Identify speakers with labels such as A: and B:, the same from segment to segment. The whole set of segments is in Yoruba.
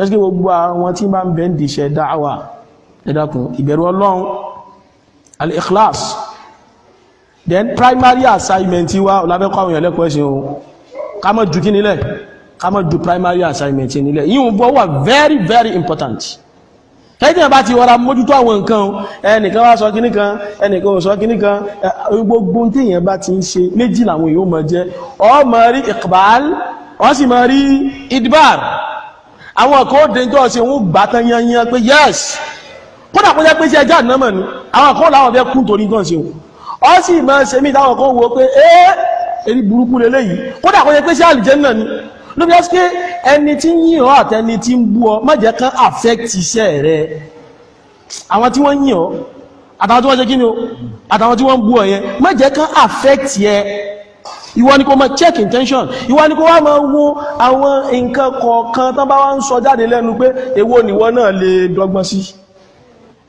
A: ṣẹ́ṣkí gbogbo àwọn tí bá ń bẹ̀ ń dìṣẹ́ dáwà ẹ̀dàkùn ìbẹ̀rù ọlọ́run al-ikhlas then primary assignment wa ọlábẹ́kọ́ àwọn ìyànlẹ́kọ́ ẹ̀ṣẹ̀ o ká má jù kí nílẹ̀ ká má jù primary assignment nílẹ̀ yíò bọ́ wà very very important kẹ́jìn bá ti wọ́ra mójútó àwọn nǹkan ẹnìkan wá sọ kíní kan ẹnìkan ò sọ kíní kan gbogbo tí èèyàn bá ti ń ṣe méjì làwọn èèyàn ó máa jẹ́ ó máa rí iqbal ó sì máa rí idbar àwọn kan ó dénjọ́ sí òun gbà tán yanyan pé yes kódà kó jẹ́ pé sí ẹjá ànámọ̀ ni àwọn kan láwọn fẹ́ kú torí nǹkan sí òun ọ sì máa ṣe mí táwọn kan wo pé ẹ́ èrí burúkú lélẹ́yìí kódà kó jẹ́ pé sí àlùjànnà ni ló fi ẹ́ pé ẹni tí ń yìn ọ́ àtẹni tí ń bú ọ má jẹ́ kán affect iṣẹ́ rẹ àwọn tí wọ́n yìn ọ́ àtàwọn tí wọ́n ṣe kí ni o àtàwọn tí wọ́n bú ọ yẹn má jẹ́ kán affect yẹ ìwọ ni kó máa check intention ìwọ ni kó wá máa wo àwọn nǹkan kọ̀ọ̀kan tán bá wá ń sọ jáde lẹ́nu pé èwo nìwọ náà lè dọ́gbọ́n sí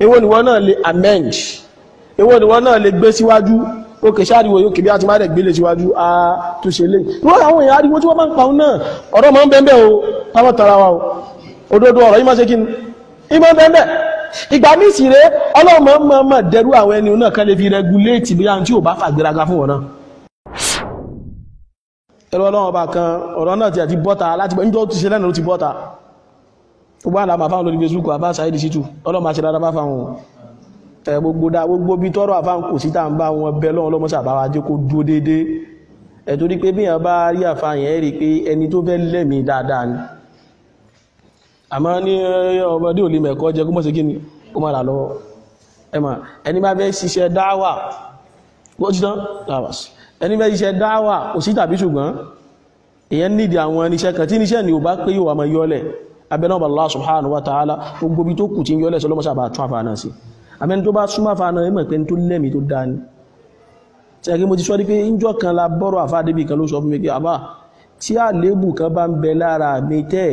A: èwo nìwọ náà lè amend èwo nìwọ náà lè gbé síwájú òkè sáàríwò yóò kìí bí a ti máa rẹ̀ gbélé síwájú a tó ṣe lè wọ́n àwọn èèyàn ariwo tí wọ́n bá ń pa òun náà ọ̀rọ̀ máa ń bẹ́ẹ̀ o táwọn tara wa o òdodo ọ̀rọ̀ ìgbà míì sì rèé ọlọ́run mọ̀ dẹrú àwọn ẹni náà kan lè fi rẹguléètì bí i àwọn tí ò bá fàgbéraga fún wọn náà ẹ̀rọ ọlọ́run ọba kan ọ̀rọ̀ náà ti àti bọ́ta láti bọ́ níjọ́ ti ṣe lẹ́nu ló ti bọ́ta gbogbo àlàmà fáwọn olórí Facebook àbá Saheed Shittu ọlọ́run máa ṣe dáadáa bá fáwọn ẹ̀ gbogbo dá gbogbo bí tọ́rọ̀ àfáwọn kò sí tá ń bá wọn bẹ lọ́wọ́ lọ́mọ sàbáwá jẹ́ kó dúó déédéé ẹ̀ torí ẹni bá fẹ́ ṣiṣẹ́ dáwà ó ti tán dáwà sí ẹni bẹ́ iṣẹ́ dáwà òsí tàbí ṣùgbọ́n èyàn nídi àwọn irinṣẹ́ kan tí níṣẹ́ ni ò bá pé yóò wà mọ́ yọ́lẹ̀ abẹ́nàbà Allah subhanahu wa ta'ala gbogbo bí tó kù tí yọ́lẹ̀ sọlọ́mọ́sà bá tún àfàànà sí àmẹ́ni tó bá súnmọ́ àfàànà ẹmọ̀ pé tó lẹ́mí tó dání tẹ́gẹ́ mo ti sọ pé ìjọ kan la bọ́rọ̀ àfáàdébì kan ló sọ fún mi pé àbá tí àlébù kan bá ń bẹ lára mi tẹ́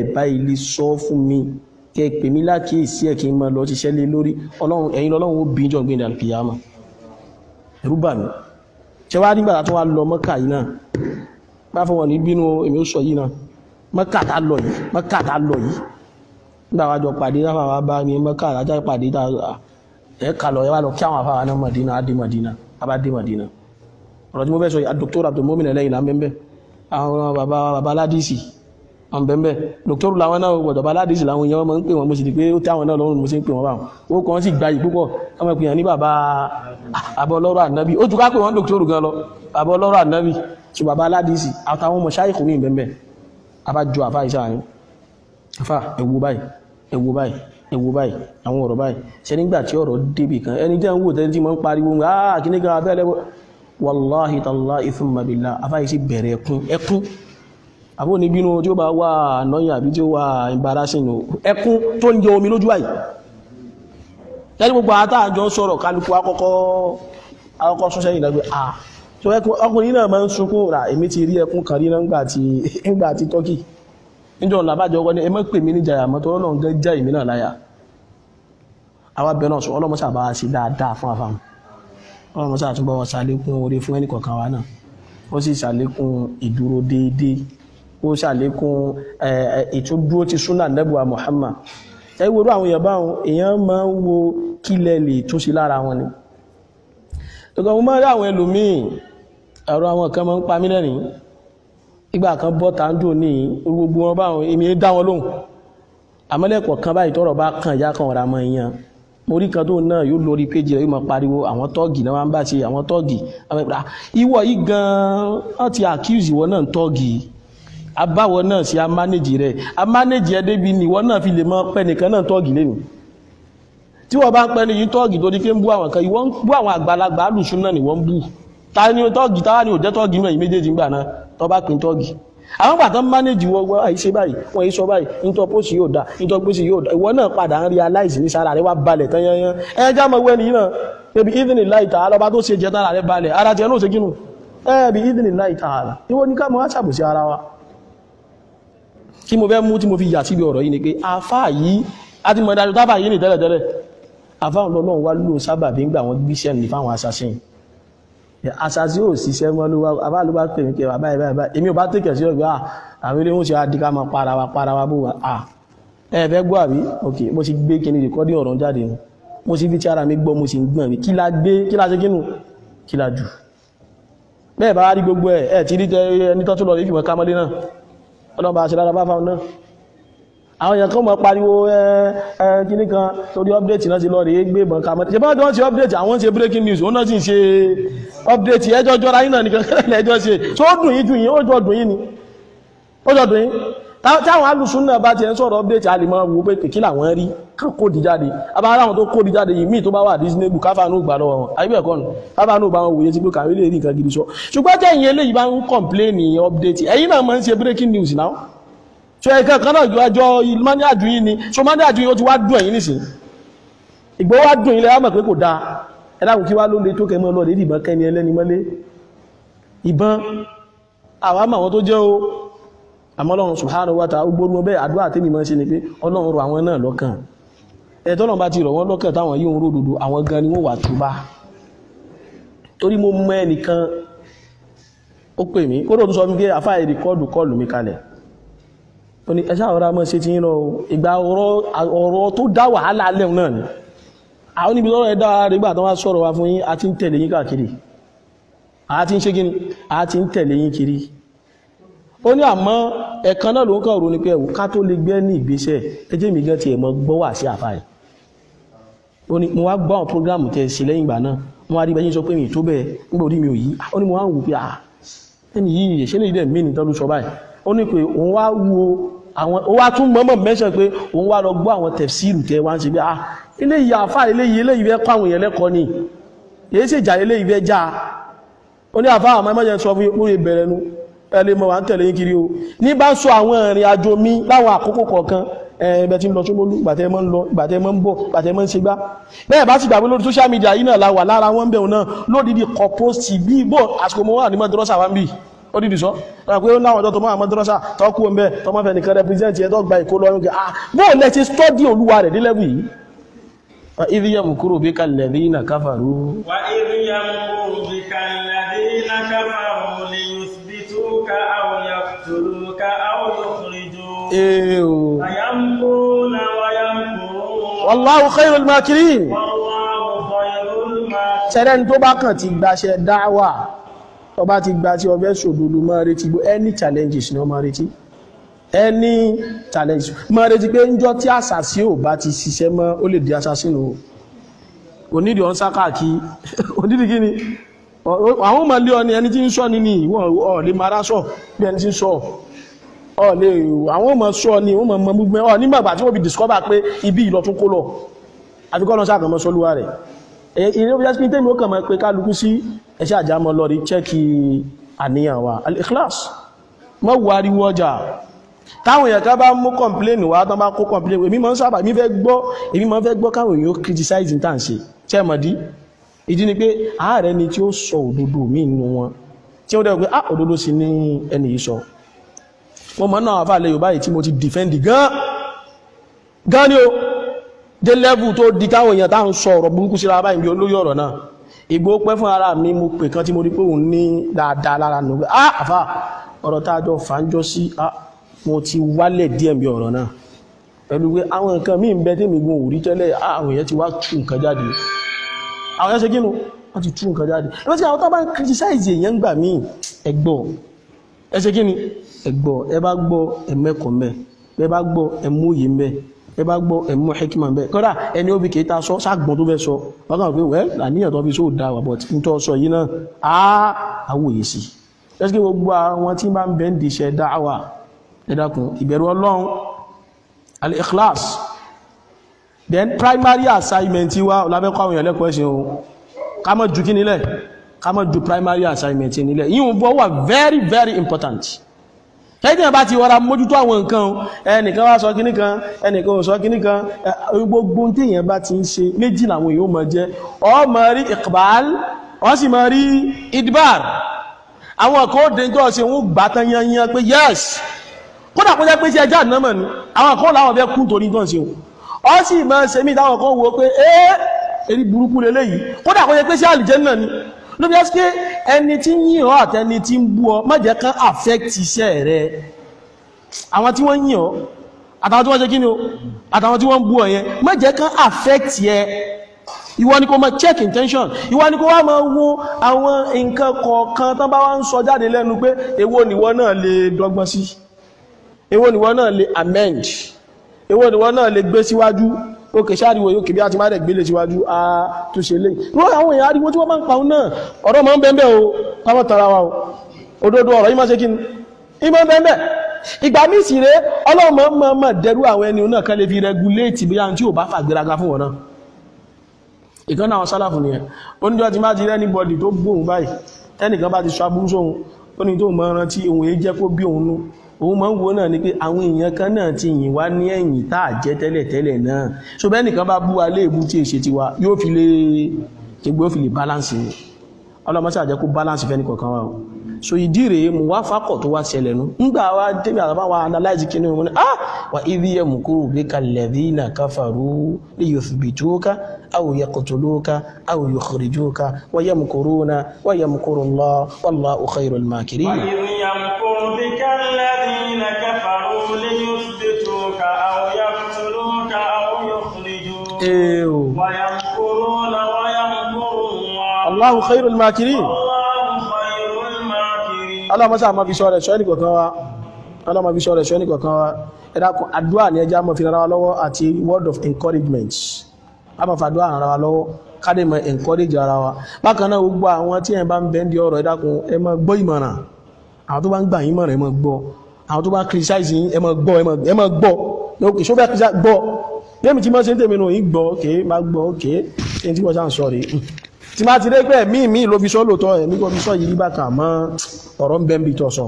A: ẹ̀ bá ṣe wá nígbàtà tó wá lọ mọ́kà yìí náà bá fún wọn ní bínú èmi ó sọ yìí náà mọ́kà tá lọ yìí mọ́kà tá lọ yìí nígbà wá jọ pàdé láwọn àwọn bá ní mọ́kà lájá pàdé tá ẹ kà lọ ẹ wá lọ kí àwọn afáwọn náà Mádínà á dé Mádínà á bá dé Mádínà ọ̀rọ̀ tí mo fẹ́ sọ yìí Dr. Abdul Mumin Ẹlẹ́yìn là ń bẹ́ẹ̀ àwọn bàbá aládìsí àwọn bẹ́ẹ̀ dọ́kítọ́rù làwọn náà gbọ̀dọ̀ bá aládìsí làwọn èèyàn máa ń pè wọ́n mo sì di pé ó tẹ́ àwọn náà lọ́rùn mo sì ń pè wọ́n báwọn ó kọ́ wọ́n sì gbayì púpọ̀ ọmọ ìpìyàn ní bàbá abọ́lọ́rọ̀ ànábì ó tún ká pè wọ́n dọ́kítọ́rù gan lọ bàbá ọlọ́rọ̀ ànábì sọ bàbá aládìsí àtàwọn ọmọ ṣáìkù ní ìbẹ̀m̀bẹ̀ abájọ àfà ìṣà yín àfà ẹ̀wù báyìí ẹ̀wù báyìí ẹ̀wù báyìí àwọn ọ̀rọ̀ báyìí ṣe nígbà tí ọ̀rọ̀ débì kan ẹni jẹ́ ń wò tẹ́lẹ̀ tí mo ń pariwo ń ah kìnnìkan abẹ́lẹ́wọ̀ wàláhìtàlá ìfúnmàbìlá afáyìí sì bẹ̀rẹ̀ ẹkún ẹkún àbó ní bínú tí ó bá wà annoying àbí tí ó wà embarrassing o ẹkún tó ń jẹ omi lójú àyè lẹ́yìn gbogbo àtàjọ sọ̀rọ̀ kálukú akọ́kọ́ akọ́kọ́ sún sẹ́yìn lẹ́gbẹ̀ẹ́ ah, à tó ẹkún ọkùnrin náà máa ń sunkún rà èmi ti rí ẹkún kan rí náà ńgbà ti tọ́kì níjọ́ làbájọ ọgbọ́n ní ẹ má pè mí ní jàyà mọ́tò wa sí dáadáa fún afam ọlọ́mọṣà túnbọ̀ ṣàlékún oore fún wa náà ó sì ṣàlékún ìdúró déédéé kó ṣàlékún ìtúndúró ti súnà nẹ́bùwà Muhammad ẹwọ́rọ̀ àwọn èèyàn báwọn èèyàn máa ń wo kílẹ̀ lè tún sí lára wọn ni ọgbọ̀n mo máa rí àwọn ẹlòmíì ọ̀rọ̀ àwọn kan máa ń pa mí lẹ́rìn ìgbà kan bọ́ ta ń dùn ní gbogbo wọn báwọn èmi dá wọn lóhùn àmọ́lẹ́pọ̀ kan báyìí tọ́rọ̀ bá kàn ìyá kan ọ̀rà mọ́ ìyàn mo rí kan tó náà yóò lórí péjì rẹ̀ yóò máa pariwo àwọn tọ́ọ̀gì náà wọ́n bá ṣe àwọn tọ́ọ̀gì ah, ìwọ yìí gan-an ti accuse ìwọ náà tọ́ọ̀gì yìí abáwọ náà ṣe amánéjì rẹ̀ amánéjì ẹ débi ni ìwọ náà fi lè mọ pẹ́ nìkan náà tọ́ọ̀gì lẹ́nu tí wọ́n bá ń pẹ́ nìyí tọ́ọ̀gì tó ní pé ń bú àwọn kan ìwọ́n ń bú àwọn àgbàlagbà alùsùn náà ni wọ́n ń bú ta ni tọ́ọ̀gì táwa ni ò jẹ́ tọ́ọ̀gì náà méjèèjì gbà náà tọ́ bá pín tọ́ọ̀gì àwọn gbàtàn mánéjì wọ́n wọ́n àìṣe báyìí wọ́n yìí sọ báyìí nítorí pósì yóò dá nítorí pósì yóò dá ìwọ náà padà ń rí aláìsí ní sára rẹ wá balẹ̀ tán yányán ẹ já mọ wẹ́ni yìí náà ebi even in light ààlọ́ bá tó ṣe jẹ́ tára rẹ balẹ̀ ara tiẹ̀ ló ṣe kínú ẹ bi even in light ààlà ìwọ ní ká mọ wá ṣàbòsí ara wa kí mo fẹ́ mú tí mo fi yà síbi ọ̀rọ̀ yìí ni pé afá yìí a ti mọ̀ dájú tábà yìí ní tẹ́lẹ̀tẹ́lẹ̀ afá ọlọ́run wá lò sábà bí ń gbà wọ́n gbíṣẹ́ ní fáwọn assassin assassin ò síṣẹ́ mọ́ ló wá abá ló bá pè mí kẹwàá báyìí báyìí báyìí èmi ò bá tẹ̀kẹ̀ sí ọ̀gbẹ́ àwọn ilé oúnjẹ adìka máa para wa para wa bó wa à ẹ fẹ́ gbọ́ àbí ok mo ti gbé kíni rìkọ́dì ọ̀rọ̀ jáde nu mo ti fi ti ara mi gbọ́ mo sì ń gbọ̀n mi kí la gbé kí la ṣe kínu kí la jù bẹ́ẹ̀ bá rí gbogbo ẹ̀ ẹ̀ ti rí ẹni tó lọ rí fìmọ̀ kámọ́lé náà ọlọ́ba àṣẹ dáadáa bá fáwọn náà àwọn èèyàn kan mọ̀ pariwo kíní kan torí update náà ti lọ rèé gbé ìbọn kàmọ́ ṣe bá wọ́n ti update àwọn ṣe breaking news òun náà sì ń ṣe update ẹjọ́ jọra yín náà nìkan kẹ́lẹ́ ẹjọ́ ṣe tó dùn yín dùn yín ó jọ dùn yín ni ó jọ dùn yín táwọn alùsùn náà bá ti ẹ̀ sọ̀rọ̀ update alìmọ̀ wo pé kìkí làwọn rí kán kó di jáde abára àwọn tó kó di jáde yìí míì tó bá wà disney bù káfà náà gbà lọ́wọ́ wọn ayébẹ̀ kọ́nù káfà náà bá wọn wòye sí pé kàwé lè rí nǹkan gidi sọ ṣùgbọ́n tẹ̀yìn eléyìí bá ń complain update ẹ̀yin náà máa ń ṣe breaking news náà so ẹ̀ka kan náà jọ mani àdúyìn ni so mani àdúyìn ó ti wá dùn ẹ̀yin nísìn ìgbó wá dùn ilẹ̀ wá mọ̀ pé kò dáa ẹ dákun kí wá ló le tó kẹ́ mọ́ lọ́ọ̀dẹ́ ìbọn kẹ́ni ẹlẹ́ni mọ́lé ìbọn àwa mọ̀ àwọn tó jẹ́ o àmọ́ ọlọ́run subhanahu wa ta'ala gbórú wọn bẹ́ẹ̀ àdúrà tèmi máa ń ṣe ni pé ọlọ́run rọ̀ àwọn náà lọ́kàn ẹ̀ tọ́lọ́run bá ti rọ̀ wọ́n lọ́kàn táwọn yìí ń rò dòdò àwọn gan ni wọ́n wà túbá torí mo mọ ẹnìkan ó pè mí kó lóòtú sọ fún pé àfáà rìkọ́ọ̀dù kọlù mi kalẹ̀ ó ní ẹṣá ọ̀rọ̀ amọ́ ṣe ti ń lọ ìgbà ọ̀rọ̀ tó dá wàhálà lẹ́hùn náà ni àwọn níbi lọ́rọ̀ ẹ̀dá rẹ̀gbà tó wá sọ̀rọ̀ wa fún yín a ti ń tẹ̀lé yín káàkiri a ti ń ṣe kiri a ti ń tẹ̀lé yín kiri ó ní àmọ́ ẹ̀kan náà ló ń kàn rò ní pé ẹ̀wò ká tó lè gbé ní ìgbésẹ̀ ẹjẹ́ mi gan ti ẹ̀mọ́ gbọ́ wà sí àfà yìí ó ní mo wá gbọ́ àwọn prógrámù tẹ́ ṣe lẹ́yìn ìgbà náà mo wá rí bẹ́ẹ̀ sọ pé mi tó bẹ́ẹ̀ nígbà orí mi ò yí ó ní mo wá ń wò pé à ah, ẹni yìí ìyẹ̀ṣẹ́ lè dẹ̀ mí nìtọ́ ló sọ báyìí ó ní pé òun wá wo àwọn ó wá tún mọ́mọ́ mẹ́sàn pé òun wá lọ gbọ́ àwọn tẹ̀fsíìrù tẹ́ wá ń ṣe bí à ah, eléyìí àfà eléyìí eléyìí fẹ́ kọ́ àwọn èèyàn lẹ́kọ̀ọ́ ni èyí ṣèjà eléyìí fẹ́ já ó ní àfà àmọ́ ẹ̀mọ́jẹ sọ fún yín ó lè nu ẹlẹ́ mọ̀ wà ń tẹ̀lé yín kiri o ní bá sọ àwọn ìrìn àjò mi láwọn àkókò kọ̀ọ̀kan ẹ̀ẹ́bẹ̀ tí ń lọ ṣómólú ìgbàtẹ́ ń lọ ìgbàtẹ́ ń bọ̀ ìgbàtẹ́ ń ṣe gbá bẹ́ẹ̀ bá sì gbàgbé lórí social media yìí náà la wà lára wọn bẹ̀rù náà lódìdí kọ̀ pósìtì bí bò àsìkò mọ́ wà ní wa ń bì ó dìdì sọ pé ó láwọn ọjọ́ tó máa mọ́dúrọ́sà tọ́kù ọmọ tọmọ fẹ́ nìkan represent ẹ̀ tó gba ìkó lọ́rùn kẹ́ ah bó lẹ ṣe study olúwa rẹ̀ dé level yìí ìdíyàmù kúrò bí kalẹ̀ ní ìnà káfàrú. wà ìdíyàmù kúrò bí kalẹ̀ Wallahu khairul makirin ṣẹ́rẹ́ni tó bá kàn ti gbaṣẹ́ dáwà tó bá ti gba tí wọ́n fẹ́ ṣòdodo máa retí gbó any challenges ni wọ́n máa retí any challenges máa retí pé níjọ́ tí àṣàṣì ò bá ti ṣiṣẹ́ mọ́ ó lè di assassin o onídìí ọ̀n sákàkí onídìí kíni àwọn ọmọ ilé ọ ni ẹni tí ń sọ ní ìwọ̀n ọ̀ lè máa rásọ̀ bí ẹni tí ń sọ ọ lè àwọn ọmọ sọ ni wọ́n mọ̀ múgbẹ́ ọ nígbàgbà tí wọ́n fi discover pé ibi ìlọ tún kó lọ àfikọ́nà sàkànmọ́ sọlúwà rẹ̀ ilé ó jásí tẹ́mi ó kàn mọ́ pé kálukú sí ẹṣẹ́ àjámọ́ lọ rí chẹ́kì àníyàn wa al-ikhlas mọ́ wariwo ọjà táwọn èèyàn ká bá mú complain wá tán bá kó complain èmi mọ́ ń sábà mi fẹ́ gbọ́ èmi mọ́ fẹ́ gbọ́ káwọn èèyàn criticize ní tàǹṣe tẹ́ mọ̀ dí ìdí ni pé ààrẹ ni tí ó sọ òdodo mí nínú wọn tí dẹ̀ pé ah òdodo sì ní ẹni yìí sọ wọ́n mọ̀ náà fàálẹ̀ Yorùbá yìí tí mo ti defend gan gan ni o dé level tó di káwọn èèyàn táwọn sọ ọ̀rọ̀ burúkú síra báyìí bí ọ̀rọ̀ náà ìgbó pẹ́ fún ara mi mo pè kan tí mo rí pé òun ní dáadáa lára nù ah àfà ọ̀rọ̀ tá a jọ fàájọ́ sí ah mo ti wálẹ̀ díẹ̀ bí mi gun òrí tẹ́lẹ̀ àwọn èèyàn ti wá tú nǹkan jáde àwọn èèyàn ṣe gínú wọ́n ti tú nǹkan jáde ẹgbẹ́ tí àwọn tó bá ń ẹgbọ́n ẹ ṣe kí ni ẹ gbọ́ ẹ bá gbọ́ ẹ mẹ́kọ̀ọ́ mẹ́ ẹ bá gbọ́ ẹ mú òye mẹ́ ẹ bá gbọ́ ẹ mú hekima mẹ́ kọ́dà ẹni ó bí kìí ta sọ sáàgbọ́n tó fẹ́ sọ wọ́n kàn pé wẹ́ àníyàn tó fi sóò da wà bọ́t ní tó sọ yìí náà á àwòye sí ẹ ṣe kí gbogbo àwọn tí bá ń bẹ́ ń di iṣẹ́ dáwà ẹ dákun ìbẹ̀rù ọlọ́run al-ikhlas then primary assignment wa ọ̀làbẹ́kọ̀ àwọn èèyàn lẹ́kọ̀ọ́ ẹ̀sìn o ká mọ̀ ju kí nílẹ̀ Kama má ju primary assignment le, yíò bọ́ wa very very important ẹ̀dìyàn bá ti wọ́ra mójútó àwọn nǹkan ẹnìkan wá sọ kíní kan ẹnìkan ò sọ kíní kan gbogbo tíyàn bá ti ń ṣe méjì làwọn èèyàn mọ̀ jẹ́ ó máa rí iqbal o si máa rí idbar àwọn ọ̀kọ́ òde tó ọ̀sẹ̀ wọn gbà tán yanyan pé yes kódà kó jẹ́ pé sí ẹjá àdínámọ̀ ni àwọn ọ̀kọ́ làwọn fẹ́ kún torí tó ń ṣe ó sì máa ṣe mí táwọn ọ̀kọ́ wo pé ẹ́ eri burúkú lélẹ́yìí kódà kó jẹ́ pé sí àlìjẹ́ náà ni ló bí ẹ́ pé ẹni tí ń yìn ọ́ àtẹni tí ń bú ọ má jẹ́ kán affect iṣẹ́ rẹ àwọn tí wọ́n yìn ọ́ àtàwọn tí wọ́n ṣe kí ni o àtàwọn tí wọ́n bú ọ yẹn má kán affect yẹ ìwọ ni kó máa check intention ìwọ ni kó wá máa wo àwọn nǹkan kọ̀ọ̀kan tán bá wá ń sọ jáde lẹ́nu pé èwo nìwọ náà lè dọ́gbọ́n sí èwo nìwọ náà lè amend èwo nìwọ náà lè gbé síwájú òkè ṣáàríwò yóò kìbí àti má dẹ̀ gbélé síwájú a tó ṣe lè wọ́n àwọn èèyàn ariwo tí wọ́n máa ń paun náà ọ̀rọ̀ máa ń bẹ́ẹ̀ o káwọn tara wa o òdodo ọ̀rọ̀ yìí ṣe kí ni ìmọ̀ bẹ́ẹ̀ ìgbà míì sì ré ọlọ́mọ mọ̀ dẹrú àwọn ẹni náà kan lè fi rẹguléètì bí àwọn tí ò bá fàgbéraga fún wọn náà ìkan òun máa ń wo náà ni pé àwọn èèyàn kan náà ti yìn wá ní ẹ̀yìn tá à jẹ́ tẹ́lẹ̀tẹ́lẹ̀ náà so bẹ́ẹ̀ nìkan bá bú wa léèbú tí èṣe tiwa yóò fi lè tẹgbẹ́ ó fi lè balance ni ọlọ́mọṣẹ́ àjẹkù balance fẹ́ nìkọ̀ọ̀kan wa o so ìdí rèé mo wá fakọ̀ tó wá ṣẹlẹ̀ nu ńgbà wa débi àbá wa analyze kíni wọn ni ah wa idhi yamkuru bika alladhina kafaru liyuthbituka aw yaqtuluka aw yukhrijuka wa yamkuruna wa yamkuru Allah wallahu khayrul makirin. wa idhi yamkuru bika alladhina. Allahu khairul makirin aláwọ̀mọ́sá ma fi sọ rẹ̀ sọ ẹnìkọ̀kan wa aláwọ̀mọ́ fi sọ rẹ̀ sọ ẹnìkọ̀kan wa ẹ̀dàkùn àdúà ní ẹjá mọ̀ fi rárá lọ́wọ́ àti word of encouragement a máa fàdúà rárá wa lọ́wọ́ káde mọ̀ encourage ara wa bákan náà gbogbo àwọn tí ẹ̀ bá ń bẹ́ ń di ọ̀rọ̀ ẹ̀dàkùn ẹ máa gbọ́ ìmọ̀ràn àwọn tó bá ń gbà yín mọ̀ràn ẹ máa gbọ́ àwọn tó bá criticize yín ẹ máa gbọ́ ẹ máa gbọ́ lókè ṣó fẹ́ gbọ́ bí èmi ti máa ṣe ń tèmi nù yín gbọ́ òkè máa gbọ́ òkè ẹni tí wọ́n sá ń sọ rèé tí máa ti rẹ́gbẹ́ mí mí ló fi sọ lóòótọ́ ẹ̀mí tó fi sọ yìí bàtà mọ́ ọ̀rọ̀ ń bẹ́ ń bi tọ̀ sọ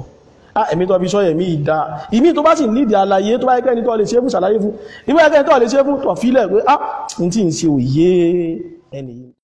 A: ah, ẹ̀mí tó fi sọ ẹ̀mí ìdá ìmí tó bá sì nídìí àlàyé tó bá yẹ kẹ́ni tó lè ṣe fún ṣàlàyé fún ìmọ̀ ẹ̀kẹ́ni tó lè ṣe fún tọ̀ pé ah n tí ń ṣe òye ẹni